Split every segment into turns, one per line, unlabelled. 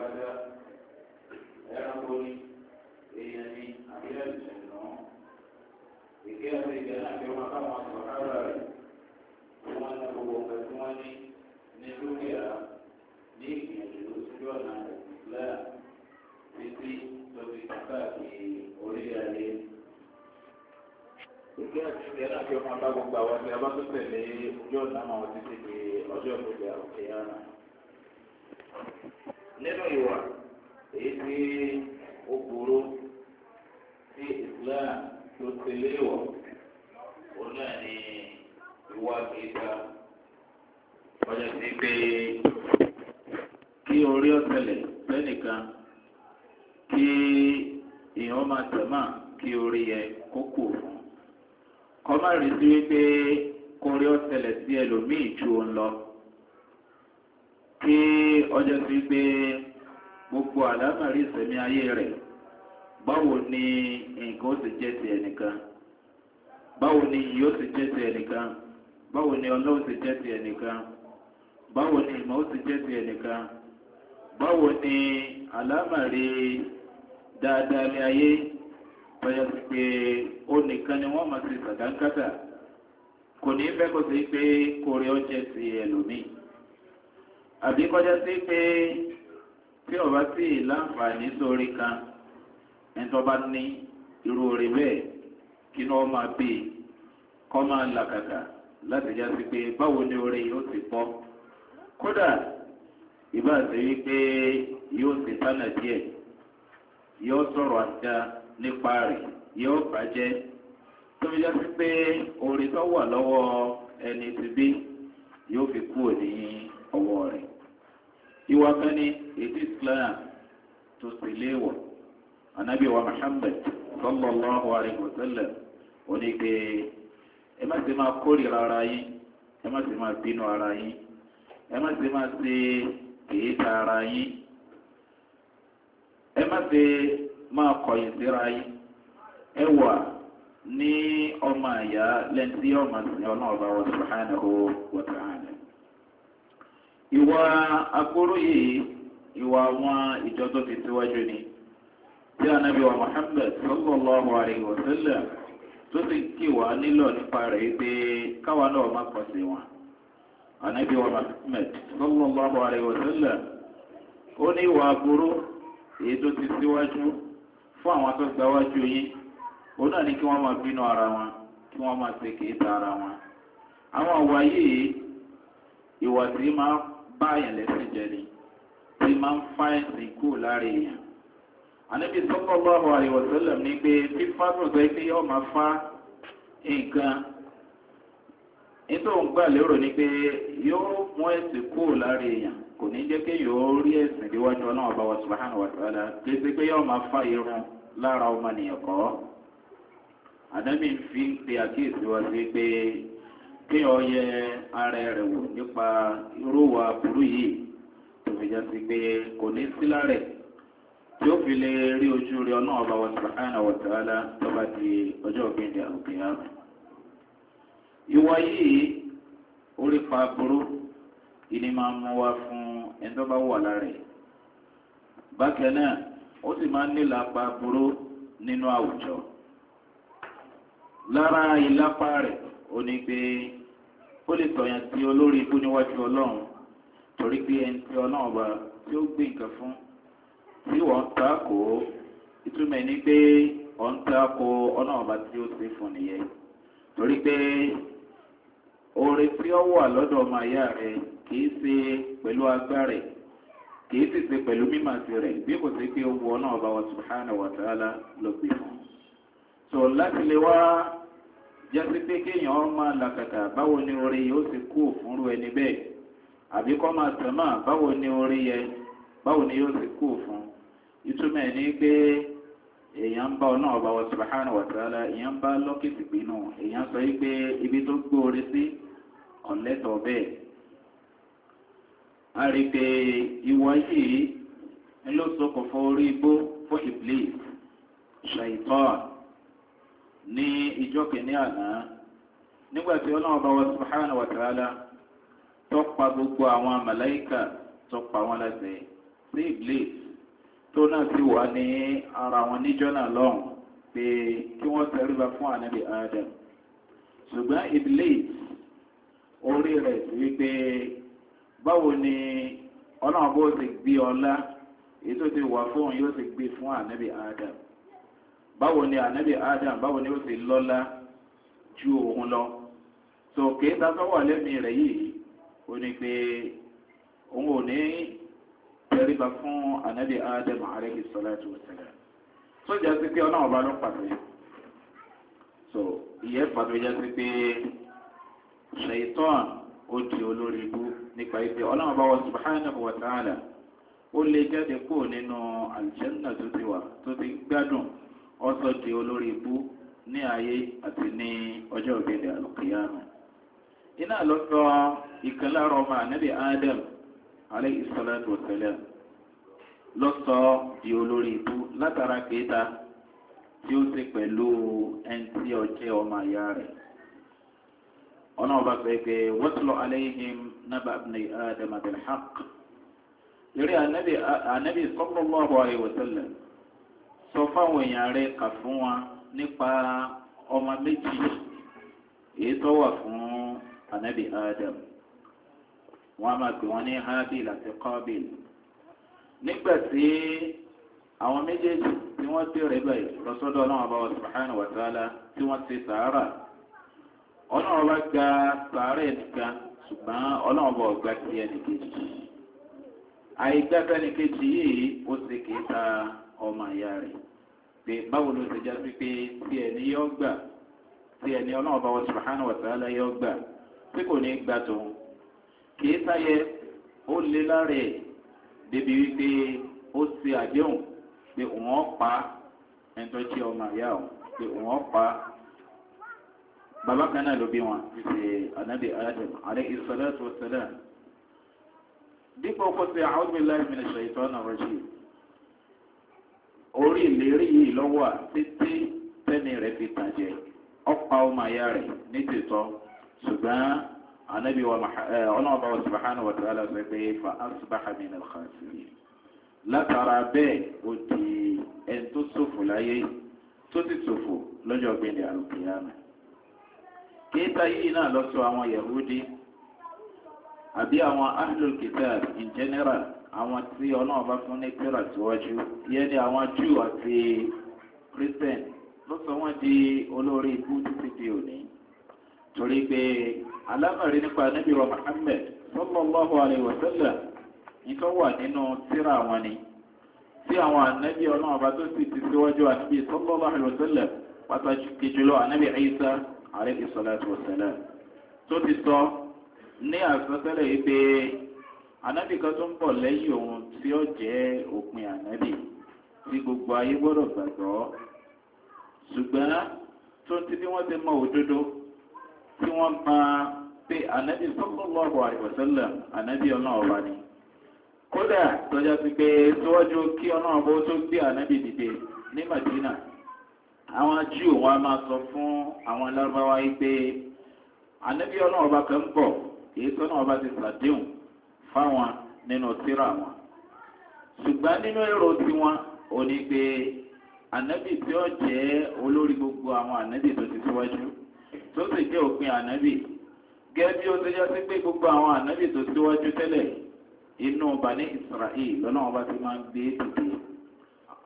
ìbádá ẹranko ni èèyàn ni àbílẹ̀ ìṣẹ̀lẹ̀ náà ìkẹ́ àti ìgbẹ́ náà fi wọn káwọn sọ̀rọ̀ ara rẹ̀ tí wọ́n ní gbogbo ọ̀pẹ tí wọ́n ní ní dúkìá ní ìgbìyànjú lójú ọ̀nà ìlà títí lórí káàkiri orí ayé. ìkẹ́ àti ìgbẹ́ náà fi wọn bá gbogbo àwọn tí a bá tó tẹ̀lé ojú ọ̀nà àwọn títí di ọjọ́ ìgbìyànjú òkè yára nínú ìwà èyí tí ó burú tí Islam tó tẹ̀lé wọ̀ òun náà ni ìwà kìíta ọjà sí pé kí orí ọ̀tẹlẹ̀ lẹ́nìkan kí èèyàn máa tẹ̀mà kí orí yẹ kókò fún kọ́ má rí sí wípé kórí ọ̀tẹlẹ̀ sí ẹlòmíì ju òun lọ. kí ọjọ́ sí pé gbogbo àlámàrí ìsẹ̀mí ayé rẹ̀ báwo ni nǹkan ó sì jẹ́ ti ẹnìkan báwo ni ìyí ó sì jẹ́ ti ẹnìkan báwo ni ọlọ́ ó sì jẹ́ ti ẹnìkan báwo ni ìmọ̀ ó sì jẹ́ ti ẹnìkan báwo ni àlámàrí dáadáa ní ayé tọ́jọ́ sí pé ó nìkan ni wọ́n máa ti kò ní fẹ́ kó pé àbí kọjá sí pé tí ọba sì láǹfààní sórí kan ẹnitọba ní irú orí bẹ́ẹ̀ kí ni wọn máa bè kọ máa làkàkà láti já sí pé báwo ni orí yóò ti pọ̀ kódà ìbá ṣe wípé yóò ṣe tánà díẹ̀ yóò sọ̀rọ̀ àjà nípa rẹ̀ yóò bàjẹ́ tóbi já sí pé orí tó wà lọ́wọ́ ẹni tí bí yóò fi kú òní ọwọ́ rẹ̀ ìwà kan ní ètò islam tó sì léèwọ̀ anabi wa muhammed sallallahu alayhi wa sallam onígbé ẹ má sì máa kórìíra ara yín ẹ má sì máa bínú ara yín ẹ má sì máa ṣe kèéta ara yín ẹ má sì máa kọ̀yìn síra yín ẹ wà ní ọmọ àyà lẹ́ńtí ọmọ àti ọlọ́ọ̀bá wa subhanahu wa ta'ala. ìwà akuru ìwà àwọn ìjọ ti ni tí anabi wa muhammed sallallahu alayhi wa tó ti kí wa nílò nípa rẹ̀ pé káwa náà anabi wa muhammed sallallahu alayhi wa ó ní ìwà agbóró èyí tó ti síwájú fún àwọn tó gbáwájú yín ó náà ní kí wọ́n máa ara wọn kí wọ́n máa kìí ta ara wọn. àwọn yìí ìwà tí báyàn lẹ́sìn jẹ ni tí máa ń fa ẹ̀sìn kú lára èèyàn. ànábì sọ́kọ́ bá wà ìwọ̀sọ́lẹ̀ ní pé fífá tó sọ pé yóò máa fa nǹkan nítorí òun gbà lérò ni pé yóò mú ẹ̀sìn kú lára èèyàn kò ní jẹ́ kí yóò rí ẹ̀sìn níwájú ọlọ́run bá wa subahana wa ta'ala kí ṣe pé yóò máa fa irun lára ọmọnìyàn kọ́ ànábì fi ń pe àkíyèsí wa sí pé kéèyàn yẹ ara rẹ̀ wò nípa irú burú yìí tó fi jásí pé kò ní sílá lárẹ̀ tí ó fi lè rí ojú rí ọ̀nà ọba wa subhanahu wa ta'ala tó di ọjọ́ ògbéǹde àwòkè yìí pa burú ìní máa mú fún wà lára bákan náà ó sì máa ń burú nínú àwùjọ. lára ó lè sọ̀yàn tí olórí ikú níwájú ọlọ́run torí pé ẹni tí ọlọ́run ọba tí ó gbé nǹkan fún tí wọ́n ń ta kó ìtumọ̀ ẹni pé wọ́n ń ta kó ọlọ́run ọba tí ó ṣe fún nìyẹn torí pé oore tí ó wà lọ́dọ̀ ọmọ àyà rẹ̀ kìí ṣe pẹ̀lú agbára kìí sì ṣe pẹ̀lú mímàsí rẹ̀ bí kò sí pé ó wọ ọlọ́run ọba wa subhanahu wa ta'ala lọ gbé fún. so láti lè wá jẹ́sí pé kéèyàn ọ́ máa làkàkà báwo ni orí yóò ti kú òfúrú ẹni bẹ́ẹ̀ àbí kọ́ máa tẹ̀mọ́ báwo ni orí yẹ báwo ni yóò ti kú òfún ìtumọ̀ ẹ̀ ní pé èèyàn ń bá ọ náà ọba wa subahana wa èèyàn ń bá lọ́kìtì pinnu èèyàn sọ yìí pé ibi tó gbé sí ọ̀lẹ́tọ̀ bẹ́ẹ̀ a rí i pé ìwọ yìí ń sọkọ̀ fún orí igbó fún iblis ṣàìtọ́ọ̀. ní ìjọ kìíní àná nígbàtí ọlọ́run wa subhanahu wa ta'ala tọ́pa gbogbo àwọn malaika. tọ́pa wọn lẹ́sẹ̀ sí iblis tó náà sì wà ní ara wọn níjọ́ náà lọ́hùn pé kí wọ́n fún adam ṣùgbọ́n orí rẹ̀ sí báwo ni ti gbé ọlá èyí tó ti wà fóun yóò ti gbé adam. báwo ni ànábì adam báwo ni ó ti lọ́lá ju òun lọ tó kéésà tó wà lẹ́mìí rẹ̀ yìí ó ní pé òun ò ní tẹríba fún ànábì adam alayhi salatu wa salam sójà sí pé ọlọ́run ọba ló pàtó so ìyẹn pàtó yẹ sí pé ṣèyítọ́n ó di olórí ibú nípa ìpè ọlọ́run ọba wa subhanahu wa ta'ala ó lè jáde kúrò nínú àlùjànnà tó ti wà tó ti gbádùn ọsọ di olórí ibú ní ayé àti ní ọjọ́ ìbílẹ̀ alùpùpù iná ló sọ ìkan lára ọmọ ànábì adam aleyhi salatu wa salam ló sọ di olórí ibú látara kéta tí ó ṣe pẹ̀lú ẹni tí ó jẹ́ ọmọ àyà rẹ̀ ọ̀nà ọba pẹ̀pẹ̀ wọ́tulọ̀ aleyhim naba abinay adam abilhaq lórí ànábì sọ́kọ́ lọ́wọ́ àyẹ̀wò sẹ́lẹ̀. sọ fáwọn èèyàn rẹ kà fún wa nípa ọmọ méjì èyí fún anabi adam wọn a máa pè wọn ní habil àti qabil nígbà tí àwọn méjèèjì tí wọ́n ti rẹ̀ báyìí ọba subhanahu wa ta'ala tí wọn ti sàárà ọlọ́run ọba gba sàárà ẹnìkan ti ẹnìkejì ẹnìkejì yìí ó sì kì í ta pé báwo ló ṣe já sí pé tí ẹni yọ gbà tí ẹni ọlọ́run bá wọn subahana wa ta'ala yọ gbà tí kò ní gbà tó kì í sáyẹ ó lé lára ẹ̀ débi wípé ó ṣe àdéhùn pé òun ọ̀ pa ẹni tó jẹ́ ọmọ àyà ọ̀ pé òun ọ̀ pa baba náà ló bí wọn ṣe anabi adam aleyhi salatu wa salam dípò kó ṣe àwọn ọmọ ìlànà ìṣẹ̀yìn tó ń nà ṣe orí ìlérí yìí lọ́wọ́ títí tẹ́ni rẹ̀ fi tàjẹ́ ọ̀pá ọmọ ayá rẹ̀ ní tìtọ́ ṣùgbọ́n anabi wa ọlọ́ọ̀bá wa subahana wa ta'ala sọ pé fa asubaha mi nàlẹ́ xaasiri látara bẹ́ẹ̀ o di ẹni tó ṣòfò láyé tó ti ṣòfò lọ́jọ́ gbẹ̀dẹ̀ alùpùpù kéèta yìí náà lọ àwọn yahudi àbí àwọn ahlul kitab in general àwọn tí ọlọ́run bá fún ní kíra síwájú yẹn ni àwọn júù àti christian ló sọ wọ́n di olórí ikú títí di òní torí pé alámọ̀rí nípa níbi rọ muhammed sọlọ́láhu alayhi wa sẹ́lẹ̀ nǹkan wà nínú tíra àwọn ni tí àwọn ànábì ọlọ́run bá tó sì ti síwájú ànábì sọlọ́láhu alayhi wa sẹ́lẹ̀ pàtàkì jùlọ ànábì ayisa alayhi salatu wa sẹ́lẹ̀ tó ti sọ ní àsọtẹ́lẹ̀ yìí ànábì kan tó ń bọ̀ lẹ́yìn òun tí ó jẹ́ òpin ànábì tí gbogbo ayé gbọ́dọ̀ gbàgbọ́ ṣùgbọ́n tó ti bí wọ́n ti mọ òdodo tí wọ́n pa pé ànábì sallallahu alaihi wasallam ànábì ọlọ́run ọba ni kódà tọ́já sí pé síwájú kí ọlọ́run bó tó gbé ànábì dìde ní Madina àwọn Júù wa máa sọ fún àwọn lárúbáwá yìí pé ànábì ọlọ́run ọba kan ń bọ̀ èyí sọ́nà ọba ti sàdéhùn fáwọn nínú tírà wọn ṣùgbọ́n nínú èrò tiwọn ò ní pé ànábì tí ó jẹ́ olórí gbogbo àwọn ànábì tó ti síwájú tó sì jẹ́ òpin ànábì gẹ́gẹ́ bí ó ti yá sí pé gbogbo àwọn ànábì tó síwájú tẹ́lẹ̀ inú bani israel lọ́nà ọba ti máa ń gbé dìde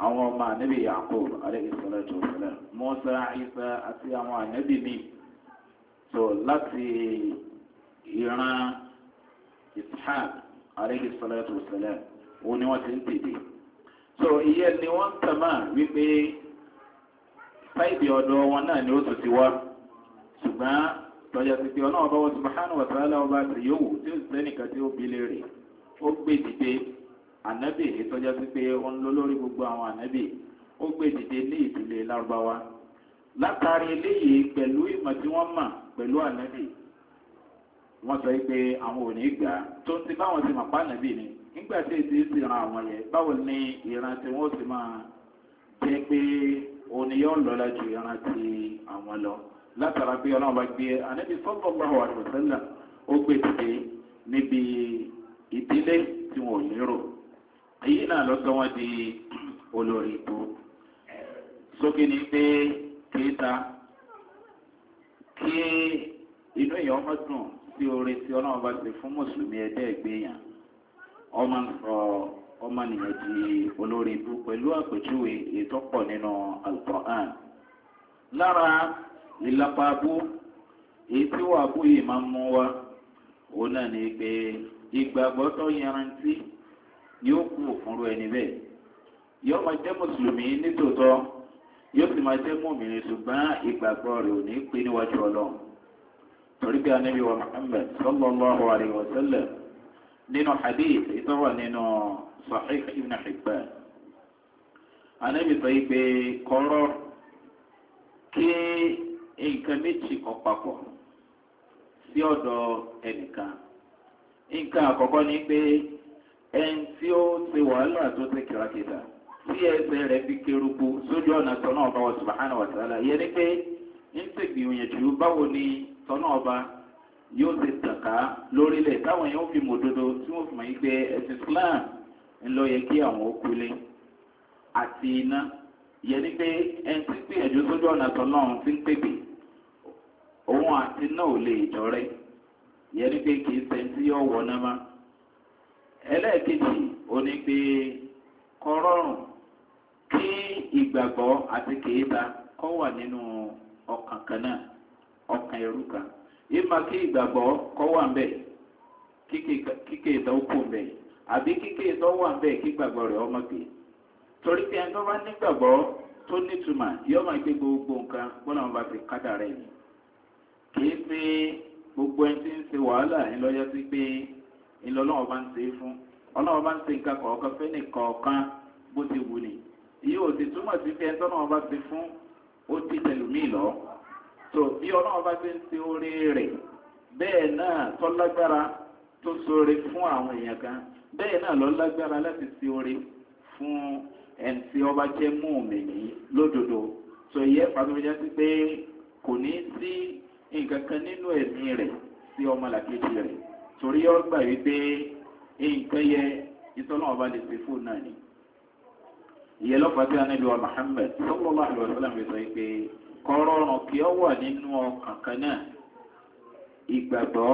àwọn ọmọ ànábì yakub aleyhisalatu wasalam musa isa àti àwọn ànábì míì tó láti ìran. ishaq aleyhi salatu wa salam ni wọ́n ti ń so iye ni wọ́n tàmà wípé fáìdì ọ̀dọ̀ wọn náà ni ó tún ti wá ṣùgbọ́n wọn subhanahu wa ta'ala ọba àti yòówù tí ó sẹ́nìkan tí ó bí léèrè ó gbé dìde ànábì sí pé ó ń gbogbo àwọn ànábì ó gbé dìde ní ìdílé lárúbáwá látàrí eléyìí pẹ̀lú ìmọ̀ tí wọ́n sọ pé àwọn ò ní gbà tó ń ti báwọn ti mọ̀ pàánà bì ní nígbà tí èsì ti ran àwọn yẹn báwo ni ìran tí wọ́n ti máa jẹ́ pé òní yóò lọ́la ìran ti àwọn lọ látara pé ọlọ́run bá gbé anábì sọ́kọ̀ bá wà ó gbé níbi ìdílé tí lérò èyí náà di olórí ìbò sókè tí o tí ọlọ́run bá ti fún mùsùlùmí ẹgbẹ́ ẹgbẹ́yàn ọmọ sọ ọmọnìyàn di olórí ibú pẹ̀lú àpèjúwe ètò pọ̀ nínú alukur'an lára ìlàpá abú èyí tí wọ́n abú yìí máa ń mú wa òun náà ni pé ìgbàgbọ́ tó yanrantí yóò kú ẹni bẹ́ẹ̀ yóò máa jẹ́ mùsùlùmí nítòótọ́ yóò sì máa jẹ́ ṣùgbọ́n ìgbàgbọ́ rẹ̀ ò ní pé níwájú ọlọ́run. oríkì anabi wa muhammed sallallahu alayhi wa sallam nínú hadith ìtọ́wà nínú sahih ibn hibban anabi sọ pé kọ́rọ́ kí nǹkan méjì kan papọ̀ sí ọ̀dọ̀ ẹnìkan nǹkan àkọ́kọ́ ni pé ẹni tí ó ṣe wàhálà tó ṣe kìràkìtà tí ẹsẹ̀ rẹ̀ fi kérúkú sójú ọ̀nà sọ náà bá wa subahana wa yẹ ni pé ń ṣègbìyànjú báwo ni. tọ́nà ọba yóò ti tàkà lórílẹ̀ táwọn yẹn fi dodo tí wọ́n fi mọ̀ yí pé ẹ̀sìn Islam ńlọ yẹ kí àwọn ó àti iná yẹni pé ẹni tí gbìyànjú sójú ọ̀nà tọ́lọ́run ti ń pèpè òun àti ò lè yẹni pé kì í sẹ́ńtì yọ wọ náà má. ẹlẹ́ẹ̀kejì ọkàn ẹrú kan kí ìgbàgbọ́ kọ́ wà mbẹ́ kíkẹ́ ìtàn kù mbẹ́ àbí kíkẹ́ ìtàn wà mbẹ́ kí gbàgbọ́ rẹ̀ ọmọ gbé torí pé ẹni tó bá nígbàgbọ́ tó nítumà yóò máa gbé gbogbo nǹkan bọ́lá wọn bá fi kádà rẹ̀ yìí gbogbo ẹni tí ń ṣe wàhálà ńlọ́yọ́ sí pé ńlọ́lọ́wọ́ bá ń ṣe é fún ọlọ́wọ́ bá ń ṣe nǹkan kọ̀ọ̀kan fẹ́ bó ti wù ní yóò ti pé ẹni so bí ọlọ́run bá gbé ń ṣe orí rẹ̀ bẹ́ẹ̀ náà tọ́lágbára tó sọre fún àwọn èèyàn kan bẹ́ẹ̀ náà lọ lágbára láti ṣe orí fún ẹni tí ọba jẹ́ mùmìnì lódodo tó yẹ pàtàkì sí pé kò ní sí nǹkan kan nínú ẹ̀mí rẹ̀ sí ọmọlàkejì rẹ̀ torí ọgbà wípé nǹkan yẹ ìtọ́nà ọba lè ṣe fún náà ni ìyẹn lọ́pàá tí a nílò Muhammad sallallahu alaihi wasallam sọ pé kọ́rọ́rùn kí ó wà nínú ọkàn kan náà ìgbàgbọ́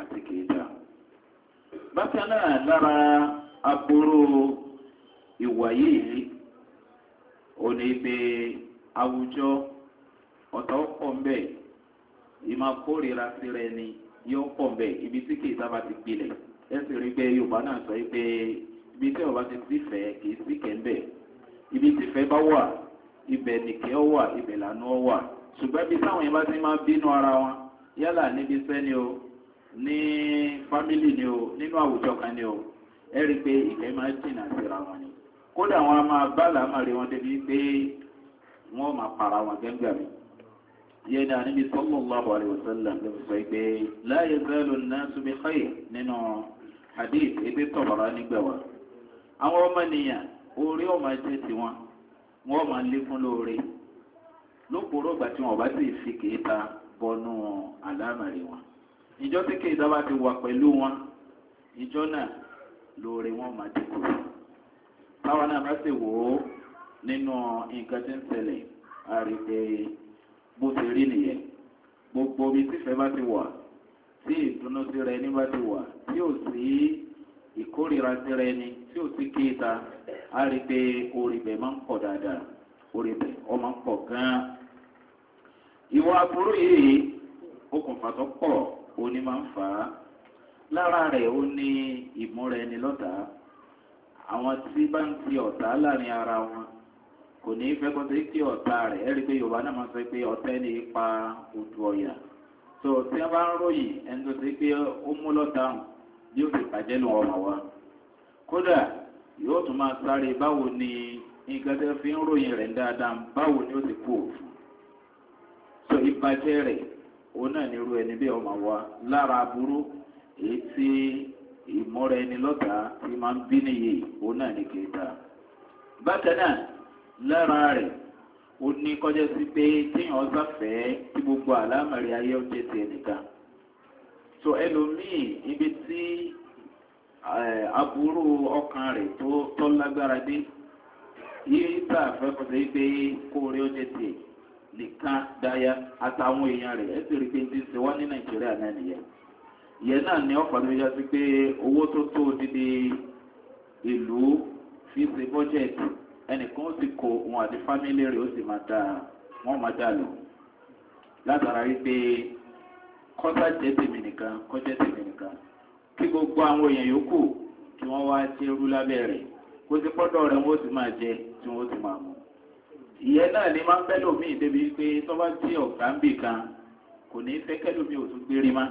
àti kìíta. bákan náà lára aburú ìwà yìí òní pé àwùjọ ọ̀tọ̀ pọ̀ ń bẹ̀ ìmọ̀ kórìíra síra ẹni yóò pọ̀ ń bẹ̀ ibi tí kìíta bá ti gbilẹ̀ ẹ sì rí pé yorùbá náà sọ pé ibi tí ọba ti ti fẹ́ kìí sí kẹ́ńbẹ̀ ibi tí fẹ́ bá wà ibẹ̀ nìkẹ́ ọ wà ibẹ̀ lànà ọ wà ṣùgbọ́n bí táwọn yẹn bá ti máa bínú ara wọn yálà níbi iṣẹ́ ni o ní fámìlì ni o nínú àwùjọ kan ni o ẹ rí i pé ìfẹ́ máa jìnnà síra wọn ni kódà wọn a máa bá làmàrí wọn débi pé wọn ò máa para wọn gẹ́gẹ́ mi yẹn ní àníbi sallallahu alaihi wasallam ló sọ pé la yazalu an-nasu bi nínú hadith ebi tọ̀bọ̀rọ̀ nígbà wa àwọn ọmọ nìyà orí ọmọ ẹ̀jẹ̀ tiwọn wọ́n máa lékún lóore lóporó ìgbà tí wọ́n bá sì fi kéèta bọnú àlámàrí wọn ìjọ tí kéèta bá ti wà pẹ̀lú wọn ìjọ náà lóore wọ́n máa dínkù táwọn náà bá sì wò ó nínú nǹkan tí ń ṣẹlẹ̀ a rí i pé bó ti rí nìyẹn gbogbo omi tífẹ́ bá ti wà tí ìdùnnú sí rẹ ní bá ti wà tí ò sí ìkórìíra sí rẹ ní tí ò sí kéèta á rí i pé orí bẹ̀ máa ń pọ̀ dáadáa orí ọ máa ń pọ̀ gan-an. ìwà aburú yìí okùnfà tó pọ̀ òní máa ń fà á lára rẹ̀ ó ní ìmúra ẹni lọ́tàá àwọn tí bá ń ti ọ̀tá láàrin ara wọn kò ní í fẹ́ kó tẹ́ kí ọ̀tá rẹ̀ ẹ́ rí i pé yorùbá náà máa sọ pé ọ̀tá ẹni pa odò ọ̀yà tó tí wọ́n bá ń ròyìn ẹni tó ti pé ó mú lọ́tàá bí ó ti bàjẹ́ lọ́wọ́ wa. kódà yóò tún máa sáré báwo ni nǹkan tẹ́ fi ń ròyìn rẹ̀ dáadáa báwo ni ó ti kú òfin sọ ìbàjẹ́ rẹ̀ òun náà ẹni bí ọmọ wa lára aburú èyí tí ìmọ̀ra ẹni ti máa ń bí nìyí òun náà ní kéta bákan náà lára rẹ̀ ó ní kọjá sí pé tí gbogbo ayé ọjọ́ ti ẹnìkan so ẹlòmíì ibi tí Eh, aburú ọkàn rẹ̀ tó tọ́ lágbára dé yìí bá àfẹ́kọ̀tẹ́ pé kóore ó jẹ tiẹ̀ nìkan dáyà àtàwọn èèyàn rẹ̀ ẹ̀ sì rí pé ti ṣe wá ní nàìjíríà náà nìyẹn ìyẹn náà ni ọ̀pọ̀ àti ìjọba pé owó tó tó odidi ìlú fi ṣe bọ́jẹ̀tì ẹnìkan ó sì kó òun àti fámílì rẹ̀ ó sì máa dá wọ́n máa dá lò látara wípé kọ́sà jẹ́ tèmi nìkan kọ́jẹ́ tèmi nìkan kí gbogbo àwọn èèyàn yòókù kí wọ́n wá sí irú lábẹ́ kó sí pọ́dọ̀ rẹ̀ wọ́n sì máa jẹ tí wọ́n sì máa mú. ìyẹn náà ni máa ń bẹ́ lómìn débi pé tó bá tí ọ̀gá ń bì kan kò ní fẹ́ kẹ́lómi ò tún gbérí má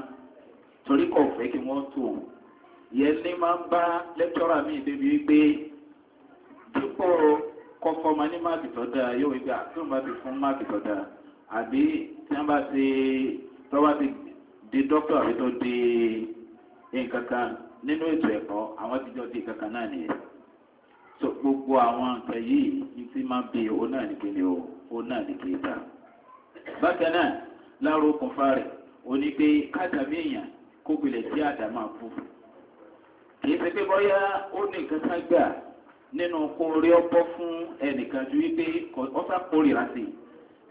torí kò fẹ́ kí wọ́n tó o. ìyẹn ní máa ń bá lẹ́kítọ́rà mi débi pé dípò kọ́kọ́ máa ní máàkì tó dáa yóò wípé àtúntò máa ti fún máàkì tó dáa àbí tí wọ́n bá ti tọ́wọ́ ti di dókítà àbí tó di. nǹkan nínú ètò ẹ̀kọ́ àwọn ti di náà nìyẹn so gbogbo àwọn nǹkan yìí ní ti máa bí o òun náà ní ta bákan náà láàárọ̀ okùnfà rẹ̀ òní pé kádàmí èèyàn kó gbilẹ̀ àdàmà kú kì í ṣe pé bọ́yá ó ní nǹkan ká gbà nínú fún ẹnìkan ju wípé ọ̀sà kórìíra sí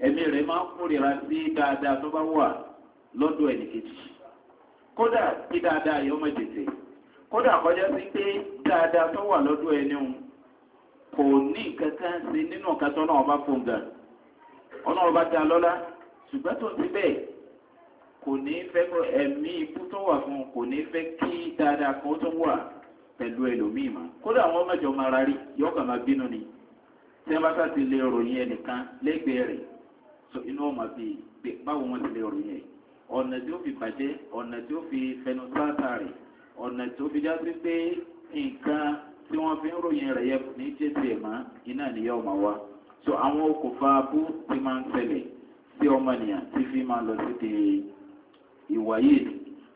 ẹ̀mí rẹ̀ máa ń kórìíra sí dáadáa kódà pé dáadáa yóò mọ̀ tètè kódà kọjá sí pé dáadáa tó wà lọ́dọ̀ ẹni o kò ní nǹkan kan nínú ọ̀kan tó náà ọba fún ọ̀nà ọba dá lọ́lá ṣùgbọ́n tó ti bẹ́ẹ̀ kò ní fẹ́ kó ẹ̀mí ikú tó wà fún kò ní kí dáadáa kan tó wà pẹ̀lú ẹlòmíì mọ́ kódà mẹ́jọ máa rárí yóò kàn máa bínú ni tí bá sá ti lè ròyìn ẹnìkan lẹ́gbẹ̀ẹ́ rẹ̀ inú ọmọ bíi báwo ti lè ròyìn ẹ̀ ọ̀nà tí ó fi bàjẹ́ ọ̀nà tí ó fi fẹnu sáàtà rẹ̀ ọ̀nà tí ó fi já sí pé nǹkan tí wọ́n fi ń ròyìn rẹ̀ yẹ ní jẹ́sí ẹ̀ mọ́ iná nìyẹn ọmọ wa so àwọn okùnfà abú ti máa ń ṣẹlẹ̀ sí ọmọnìyàn tí fi máa lọ sí ti ìwà yìí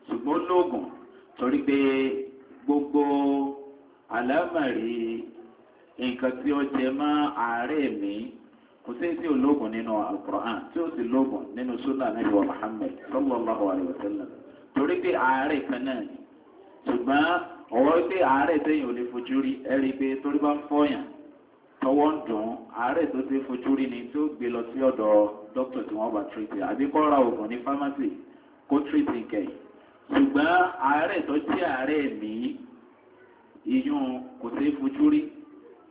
ṣùgbọ́n lóògùn torí pé gbogbo àlámàrí nǹkan tí ó jẹ mọ́ àárẹ̀ mi kò sí tí ò lóògùn nínú alukur'an tí ó sì lóògùn nínú sunna nabi wa muhammed sallallahu alayhi wa sallam torí pé àárẹ̀ kan náà ni ṣùgbọ́n ọ̀wọ́ pé àárẹ̀ tẹ̀yìn ò lè fojú rí ẹ̀rí pé torí bá ń fọyàn tọwọ́ ń dùn àárẹ̀ tó ti fojú rí ni tí gbé lọ sí ọ̀dọ̀ dókítà tí wọ́n bá tírìtì àbí kọ́ ra oògùn ní fámásì kó tírìtì kẹ̀yìn ṣùgbọ́n àárẹ̀ tó jẹ́ àárẹ̀ mí iyún kò sí fojú rí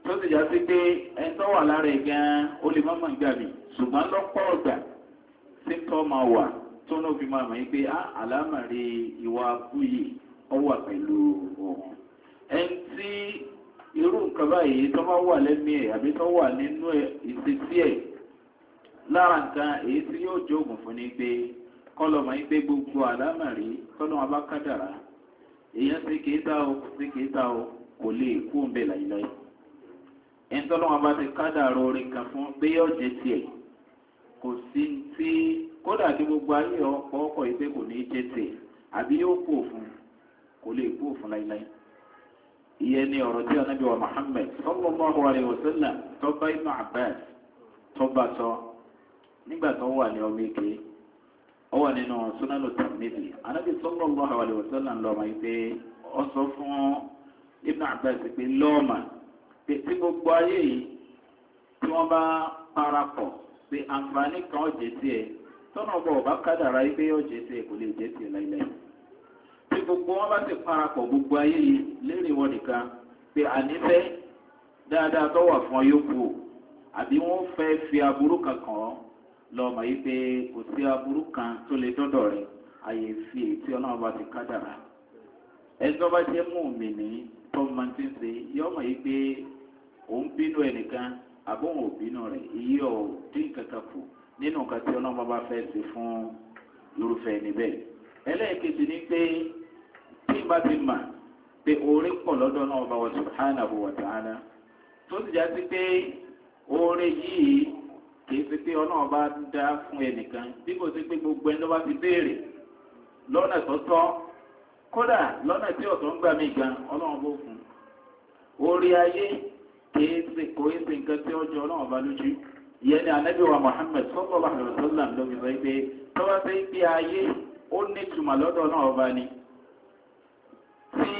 tó sì já sí pé ẹni tó wà lára ẹ̀ gan-an ó lè má mọ̀ ń gbà mí ṣùgbọ́n lọ́pọ̀ ọ̀gbà tí tó máa wà tó náà fi máa mọ̀ yín pé á àlámàrí ìwà búyì ọ wà pẹ̀lú òun. ẹni tí irú nǹkan báyìí tó bá wà lẹ́mí ẹ̀ àbí tó wà nínú ìṣesí ẹ̀ lára nǹkan èyí tí yóò jóògùn fún ni pé kọ́lọ̀ máa ń gbé gbogbo àlámàrí tọ́lọ́ wọn bá kádàrá èèyàn ṣe kìí ta o ṣe kìí ta o kò lè kú òun bẹ́ẹ̀ láyé ìtọ́lọ́wọ́n bá ti kádàrọ orin kan fún pé yóò jẹ tiẹ̀ kò sí tí kódà tí gbogbo ayé ọkọ̀ ọkọ̀ ìgbé kò ní jẹ tiẹ̀ àbí yóò kú kò lè ni ọ̀rọ̀ tí anábì wa muhammed sallallahu alaihi wasallam tọ́ba ibn abbas tọ́ba sọ nígbà tó wà ní ọmọ ike ó wà nínú sunanu tètè gbogbo ayé yìí tí wọ́n bá parapọ̀ pé àǹfààní kan ọ̀jẹ̀ tiẹ̀ tọ́nà ọba ọba kádàrá yìí pé ọ̀jẹ̀ tiẹ̀ kò lè jẹ́ tiẹ̀ láìláì. tí gbogbo wọn bá ti parapọ̀ gbogbo ayé yìí lérè wọn nìkan pé ànífẹ́ dáadáa tó wà fún ọ yóò kú o àbí wọn fẹ́ fi aburú kan kàn ọ́ lọ́mọ yìí pé kò sí aburú kan tó lè dọ́dọ̀ rẹ̀ àyè fi èyí tí ọlọ́run bá ti kádàrá. òun bínú ẹnìkan àbóhùn òbínú rẹ̀ èyí ọ̀ dín kankan kù nínú nǹkan tí ọlọ́mọ bá fẹ́ ṣe fún irúfẹ́ ẹni bẹ́ẹ̀. ẹlẹ́ẹ̀kejì ni pé tí n bá ti mà pé oore pọ̀ lọ́dọ̀ náà bá wa subhanahu tó ti já sí pé oore yìí kìí ṣe pé ọlọ́run bá dá fún ẹnìkan bí kò gbogbo ẹni bá ti béèrè lọ́nà kódà lọ́nà tí ọ̀tọ̀ ń gbà mí gan kéésì kóésì nǹkan tí ó jọ ọlọ́run ọba lójú ìyẹn ni anabi wa muhammed sọ́kọ̀ọ́ àlùsọ́làm ló fi sọ pé tọ́wọ́ sí pé ayé ó ní tùmọ̀ lọ́dọ̀ náà ọba ni tí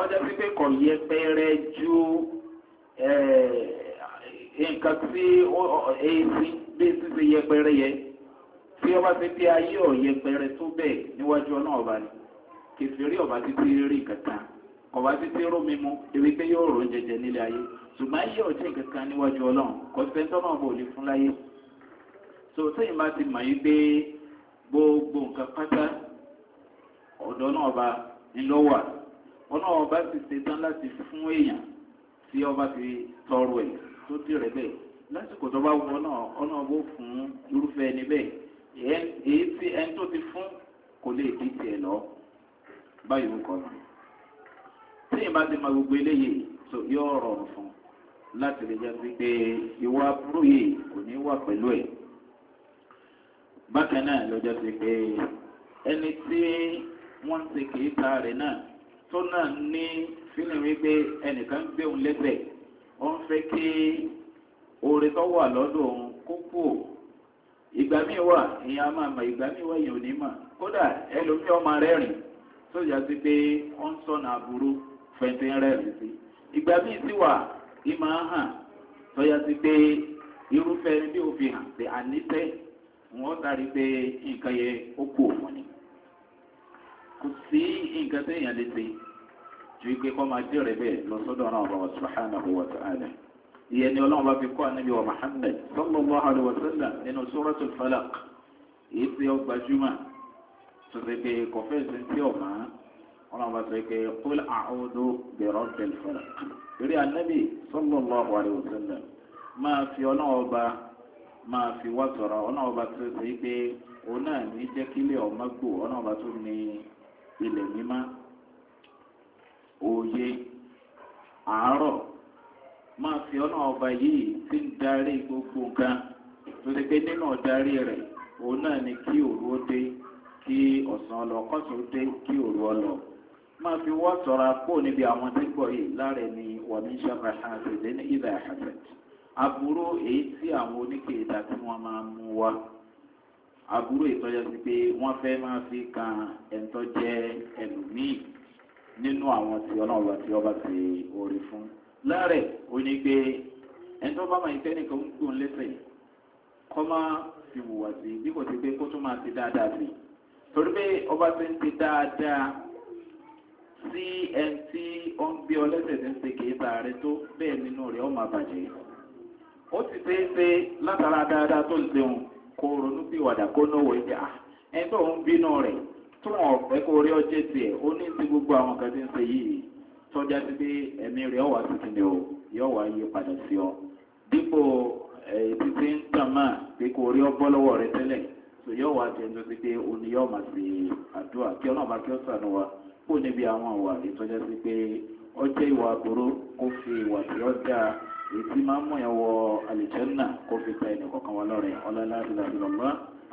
ọjọ́ sí pé kò yẹ pẹ́rẹ́ ju nǹkan tí èsì bí èsì ti yẹ pẹ́rẹ́ yẹ tí ọba sí pé ayé ò yẹ pẹ́rẹ́ tó bẹ́ẹ̀ níwájú ọlọ́run ọba ni kìfìrí ọba ti ti rí kankan kọba títí rómi mu ebi pé yóò rò jẹjẹ nílé ayé ṣùgbọ́n ayé ọ̀jẹ̀ kankan níwájú ọlọ́run kọ́sípẹ́ tọ́nà bò lè fún láyé tó sẹ́yìn bá ti mọ̀ yí pé gbogbo nǹkan pátá ọ̀dọ́ náà bá ńlọ́wà ọ̀nà ọba ti ṣetán láti fún èèyàn tí ọba ti tọrọ ẹ̀ tó ti rẹ̀ bẹ́ẹ̀ lásìkò tó bá wọ ọ̀nà ọ̀nà ọba ó fún irúfẹ́ ẹni bẹ́ẹ̀ èyí tí ẹni tó ti fún kò lè dí tiẹ̀ lọ báyìí ó kọ̀ ọ́ tí ìbá ti ma gbogbo eléyìí tó yóò rọrùn fún láti lè jẹ́ pé ìwà burú yìí kò ní wà pẹ̀lú ẹ̀. bákan náà ló jẹ́ pé ẹni tí wọ́n ti kìí ta náà tó náà ní fílẹ̀ wípé ẹnìkan gbé òun lẹ́sẹ̀ ó ń fẹ́ kí oore tó wà lọ́dọ̀ òun a máa mọ̀ ìgbà míì wà kódà ẹlòmíì ọmọ rìn sí pé ó ń pẹ̀sẹ̀ ń rẹ̀ sí. ìgbà míì sì wà ní máa hàn tọ́yà sí pé irúfẹ́ ẹni bí òfin hàn sí ànífẹ́ wọ́n dárí pé nǹkan yẹn ó kú òfin ni. kò sí nǹkan téèyàn lè ṣe ju pé kọ́ máa jẹ́rẹ̀ bẹ́ẹ̀ lọ sọ́dọ̀ náà ọ̀rọ̀ subhanahu wa ta'ala. ìyẹn ni ọlọ́run bá fi kọ́ ànábì wa muhammed sallallahu alayhi wa sallam nínú suratul falaq èyí tí ó gbajúmọ̀ tó pé kọ̀fẹ́ sí ti wọn bá sọ pé kúl àhúdú bẹ̀rọ̀ bẹ̀rẹ̀ fọlá torí anabi sallallahu alaihi wasallam máa fi ọlọ́ọ̀ba máa fi wá sọ̀rọ̀ ọlọ́ọ̀ba tó sọ pé òun náà ní jẹ́ kílẹ̀ ọmọ gbò ọlọ́ọ̀ba tó ní ilẹ̀ mímá òye àárọ̀ máa fi ọlọ́ọ̀ba yìí ti ń darí gbogbo nǹkan tó ti pé nínú ọ̀darí rẹ̀ òun náà ní kí òru ó dé kí ọ̀sán ọlọ́kọ́sùn dé kí òru ọlọ́ọ̀ máa fi wọ́ sọ̀rọ̀ àpò níbi àwọn tí ń bọ̀ yìí lára ni wàmí sábà àṣẹlẹ̀ ní ìdá àṣẹ. aburú èyí tí àwọn oníkèéta tí wọ́n máa mú wa aburú ìtọ́jà sí pé wọ́n fẹ́ máa fi kan ẹ̀ńtọ́ jẹ́ ẹlòmíì nínú àwọn tí ọlọ́run àti ọba ti orí fún. lára òní pé ẹ̀ńtọ́ bá máa ń nìkan ń gbòòn lẹ́sẹ̀ kọ́ máa fi wùwà sí bí kò sí pé kó tún máa ti dáadáa sí torí pé ọba ti ń ti dáadáa sí ẹni tí ó ń gbé ọlẹ́sẹ̀ ní ṣe kì í rẹ tó bẹ́ẹ̀ nínú rẹ̀ ọmọ àbàjẹ́ ó ti ṣe é ṣe látara dáadáa tó ń ṣeun kó ronú bí ìwàdà kó náwó ìjà ẹni tó ń bínú rẹ̀ tó wọn ọ̀fẹ́ kó rí ọjẹ́ tiẹ̀ ó ní ti gbogbo àwọn kan ti ń ṣe yìí tọ́jà ti pé ẹ̀mí rẹ̀ ọ̀wà tuntun ni o yóò wá yí padà sí ọ dípò títí ń tàn máa pé kó rí ọ bọ́ lọ́wọ́ rẹ tẹ́lẹ̀ tò yóò wá jẹun tó ti pé òní yóò máa ṣe àdúrà kí ọlọ́run máa kí ó sànù wa kó níbi àwọn ìwà àti tọ́jà sí pé ọjọ́ ìwà àbúrò kó fi ìwà tí ó dáa èyí tí máa ń mú yẹn wọ àlìjẹ́nà kó fi ta ẹnì kọ̀ọ̀kan wọn lọ́rẹ̀ ọlọ́lá ìlànà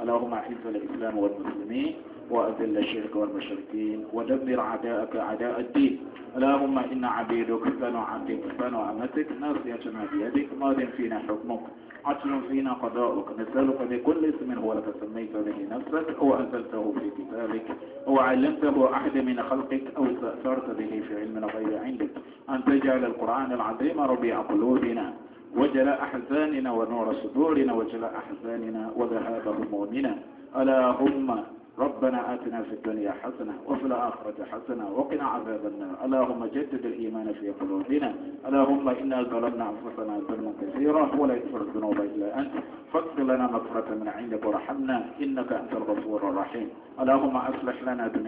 ọlọ́run àti ìfẹ́lẹ̀ ìsìlámù wọn mùsùlùmí وأذل الشرك والمشركين ودبر عداءك عداء الدين اللهم إن عبيدك بنو عبدك بنو أمتك ناصيتنا بيدك ماض فينا حكمك عدل فينا قضاؤك نسألك بكل اسم هو لك سميت به نفسك أو أنزلته في كتابك أو علمته أحد من خلقك أو استأثرت به في علم غير عندك أن تجعل القرآن العظيم ربيع قلوبنا وجلاء أحزاننا ونور صدورنا وجلاء أحزاننا وذهاب همومنا اللهم ربنا آتنا في الدنيا حسنة وفي الآخرة حسنة وقنا عذاب النار اللهم جدد الإيمان في قلوبنا اللهم إنا ظلمنا أنفسنا ظلما كثيرا ولا يغفر الذنوب إلا أنت فاغفر لنا مغفرة من عندك وارحمنا إنك أنت الغفور الرحيم اللهم أصلح لنا